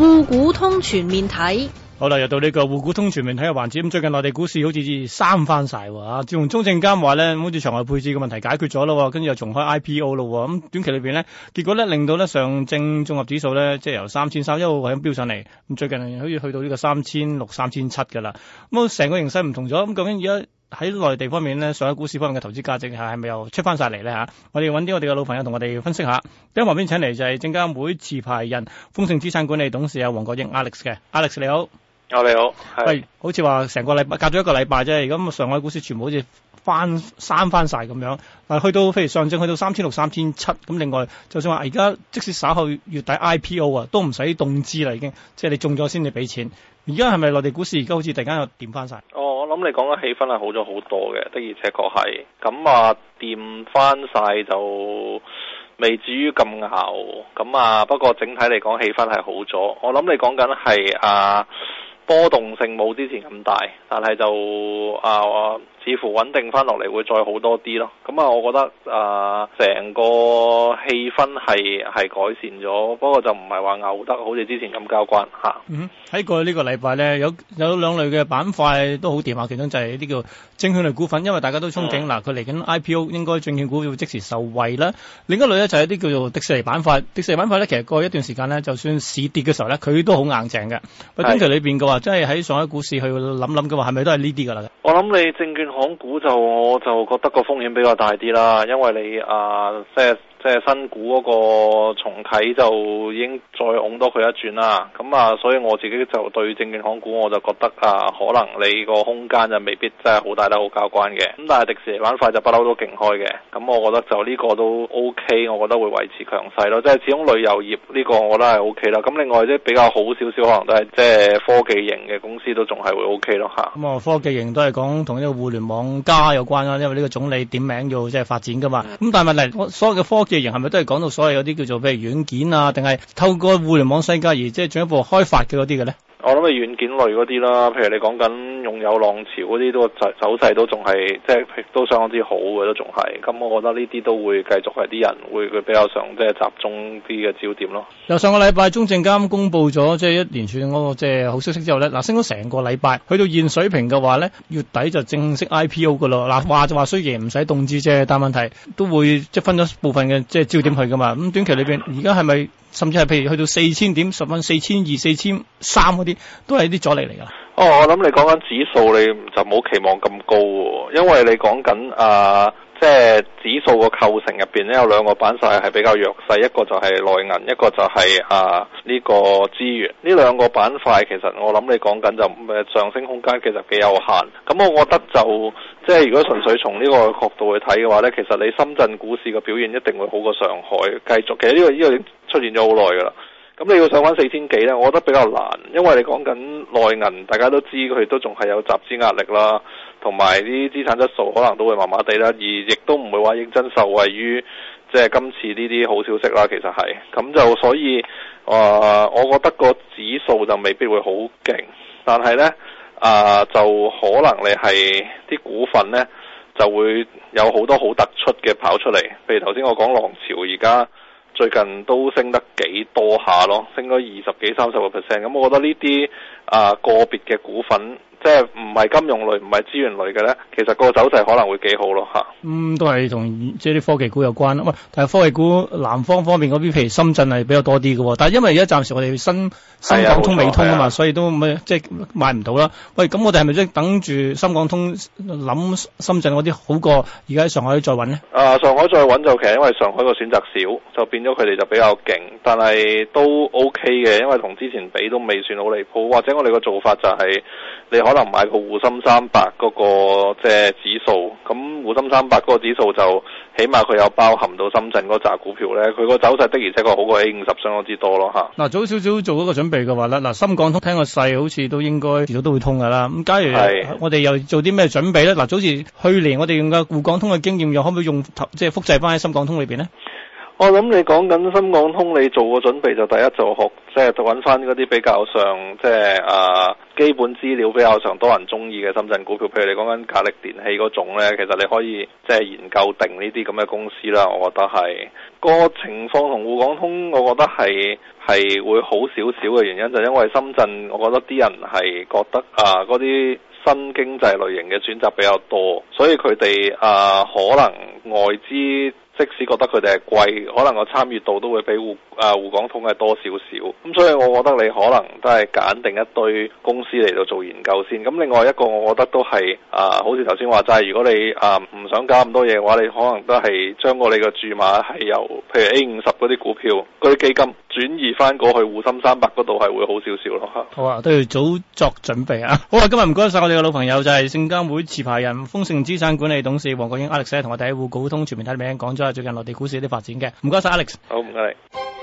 滬股通全面睇，好啦，又到呢個滬股通全面睇嘅環節。咁最近內地股市好似三翻晒，吓，自從中證監話咧，好似場外配置嘅問題解決咗咯，跟住又重開 IPO 咯。咁短期裏邊咧，結果咧令到咧上證綜合指數咧，即係由三千三一路係咁飆上嚟。咁最近好似去到呢個三千六、三千七噶啦。咁啊，成個形勢唔同咗。咁究竟而家？喺內地方面咧，上海股市方面嘅投資價值係係咪又出翻晒嚟咧嚇？我哋揾啲我哋嘅老朋友同我哋分析下。咁旁邊請嚟就係證監會持牌人豐盛資產管理董事啊，黃國英 Alex 嘅 Alex 你好，哦、你好，喂，好似話成個禮拜隔咗一個禮拜啫，咁上海股市全部好似翻山翻晒咁樣，但去到譬如上證去到三千六、三千七，咁另外就算話而家即使稍後月底 IPO 啊，都唔使凍資啦已經，即係你中咗先至俾錢。而家係咪內地股市而家好似突然間又掂翻晒？哦，我諗你講緊氣氛係好咗好多嘅，的而且確係。咁啊，掂翻晒就未至於咁牛。咁啊，不過整體嚟講氣氛係好咗。我諗你講緊係啊。波動性冇之前咁大，但係就啊似乎穩定翻落嚟會再好多啲咯。咁、嗯、啊，我覺得啊成、呃、個氣氛係係改善咗，不過就唔係話拗得好似之前咁交關嚇。啊、嗯，喺過去呢個禮拜咧，有有兩類嘅板塊都好掂啊，其中就係呢啲叫證券類股份，因為大家都憧憬嗱佢嚟緊 IPO，應該證券股票即時受惠啦。另一類咧就係、一、啲叫做迪士尼板塊，迪士尼板塊咧其實過去一段時間咧，就算市跌嘅時候咧，佢都好硬淨嘅。我跟隨裏邊嘅話。的即係喺上海股市去諗諗嘅話，係咪都係呢啲噶啦？我諗你證券行股就，我就覺得個風險比較大啲啦，因為你啊即係。呃即係新股嗰個重啟就已經再拱多佢一轉啦，咁啊，所以我自己就對證券行股我就覺得啊，可能你個空間就未必真係好大得好交關嘅，咁但係迪士尼板塊就不嬲都勁開嘅，咁我覺得就呢個都 OK，我覺得會維持強勢咯，即係始終旅遊業呢個我覺得係 O K 啦，咁另外啲比較好少少可能都係即係科技型嘅公司都仲係會 O K 咯嚇。咁啊，科技型都係講同呢個互聯網加有關啦，啊，因為呢個總理點名要即係發展噶嘛，咁但係問題我所有嘅科技即係，係咪都係講到所謂有啲叫做，譬如軟件啊，定係透過互聯網世界而即係進一步開發嘅嗰啲嘅咧？我諗係軟件類嗰啲啦，譬如你講緊。擁有浪潮嗰啲都走走勢都仲係即係都相當之好嘅，都仲係，咁我覺得呢啲都會繼續係啲人會比較上即係集中啲嘅焦點咯。由上個禮拜中證監公布咗即係一連串嗰個即係好消息之後咧，嗱升咗成個禮拜，去到現水平嘅話咧，月底就正式 IPO 噶啦。嗱話就話雖然唔使凍資啫，但問題都會即係分咗部分嘅即係焦點去噶嘛。咁短期裏邊而家係咪甚至係譬如去到四千點，十分四千二、四千三嗰啲，都係啲阻力嚟噶。哦，我諗你講緊指數，你就冇期望咁高喎，啊，因為你講緊啊，即係指數個構成入邊呢，有兩個板塊係比較弱勢，一個就係內銀，一個就係、是、啊呢、這個資源。呢兩個板塊其實我諗你講緊就誒，上升空間其實幾有限。咁我覺得就即係如果純粹從呢個角度去睇嘅話呢，其實你深圳股市嘅表現一定會好過上海，繼續其實呢、這個呢、這個已經出現咗好耐㗎啦。咁你要想搵四千幾呢？我覺得比較難，因為你講緊內銀，大家都知佢都仲係有集資壓力啦，同埋啲資產質素可能都會麻麻地啦，而亦都唔會話認真受惠於即係今次呢啲好消息啦。其實係咁就所以啊、呃，我覺得個指數就未必會好勁，但係呢，啊、呃，就可能你係啲股份呢，就會有好多好突出嘅跑出嚟，譬如頭先我講浪潮而家。最近都升得幾多下咯，升咗二十幾、三十個 percent。咁我覺得呢啲啊，個別嘅股份。即係唔係金融類、唔係資源類嘅咧，其實個走勢可能會幾好咯吓，啊、嗯，都係同即係啲科技股有關。喂，但係科技股南方方面嗰邊，譬如深圳係比較多啲嘅喎。但係因為而家暫時我哋深深港通、啊、未通啊嘛，啊所以都唔咪即係買唔到啦。喂，咁我哋係咪即係等住深港通諗深圳嗰啲好過而家喺上海再揾呢？誒、啊，上海再揾就其實因為上海個選擇少，就變咗佢哋就比較勁，但係都 OK 嘅，因為同之前比都未算好離譜。或者我哋個做法就係、是、你可能買個滬深三百嗰個即係指數，咁滬深三百嗰個指數就起碼佢有包含到深圳嗰扎股票咧。佢個走勢的而且確好過 A 五十相當之多咯嚇。嗱早少少做嗰個準備嘅話咧，嗱深港通聽個勢好似都應該遲早都會通噶啦。咁假如係我哋又做啲咩準備咧？嗱的早似去年我哋用嘅滬港通嘅經驗，又可唔可以用即係複製翻喺深港通裏邊咧？我諗你講緊深港通，你做個準備就第一就學，即係揾翻嗰啲比較上，即係啊基本資料比較上多人中意嘅深圳股票，譬如你講緊格力電器嗰種呢，其實你可以即係研究定呢啲咁嘅公司啦。我覺得係個情況同滬港通，我覺得係係會好少少嘅原因，就因為深圳，我覺得啲人係覺得啊嗰啲新經濟類型嘅選擇比較多，所以佢哋啊可能外資。即使覺得佢哋係貴，可能個參與度都會比滬啊滬港通係多少少，咁所以我覺得你可能都係揀定一堆公司嚟到做研究先。咁另外一個我覺得都係啊，好似頭先話齋，如果你啊唔想搞咁多嘢嘅話，你可能都係將個你個注碼係由譬如 A 五十嗰啲股票嗰啲基金。轉移翻過去滬深三百嗰度係會好少少咯，吓，好啊，都要早作準備啊！好啊，今日唔該晒我哋嘅老朋友就係證監會持牌人豐盛資產管理董事黃國英 Alex，同我第一滬股通全面睇名講咗下最近內地股市一啲發展嘅，唔該晒 Alex。好唔該你。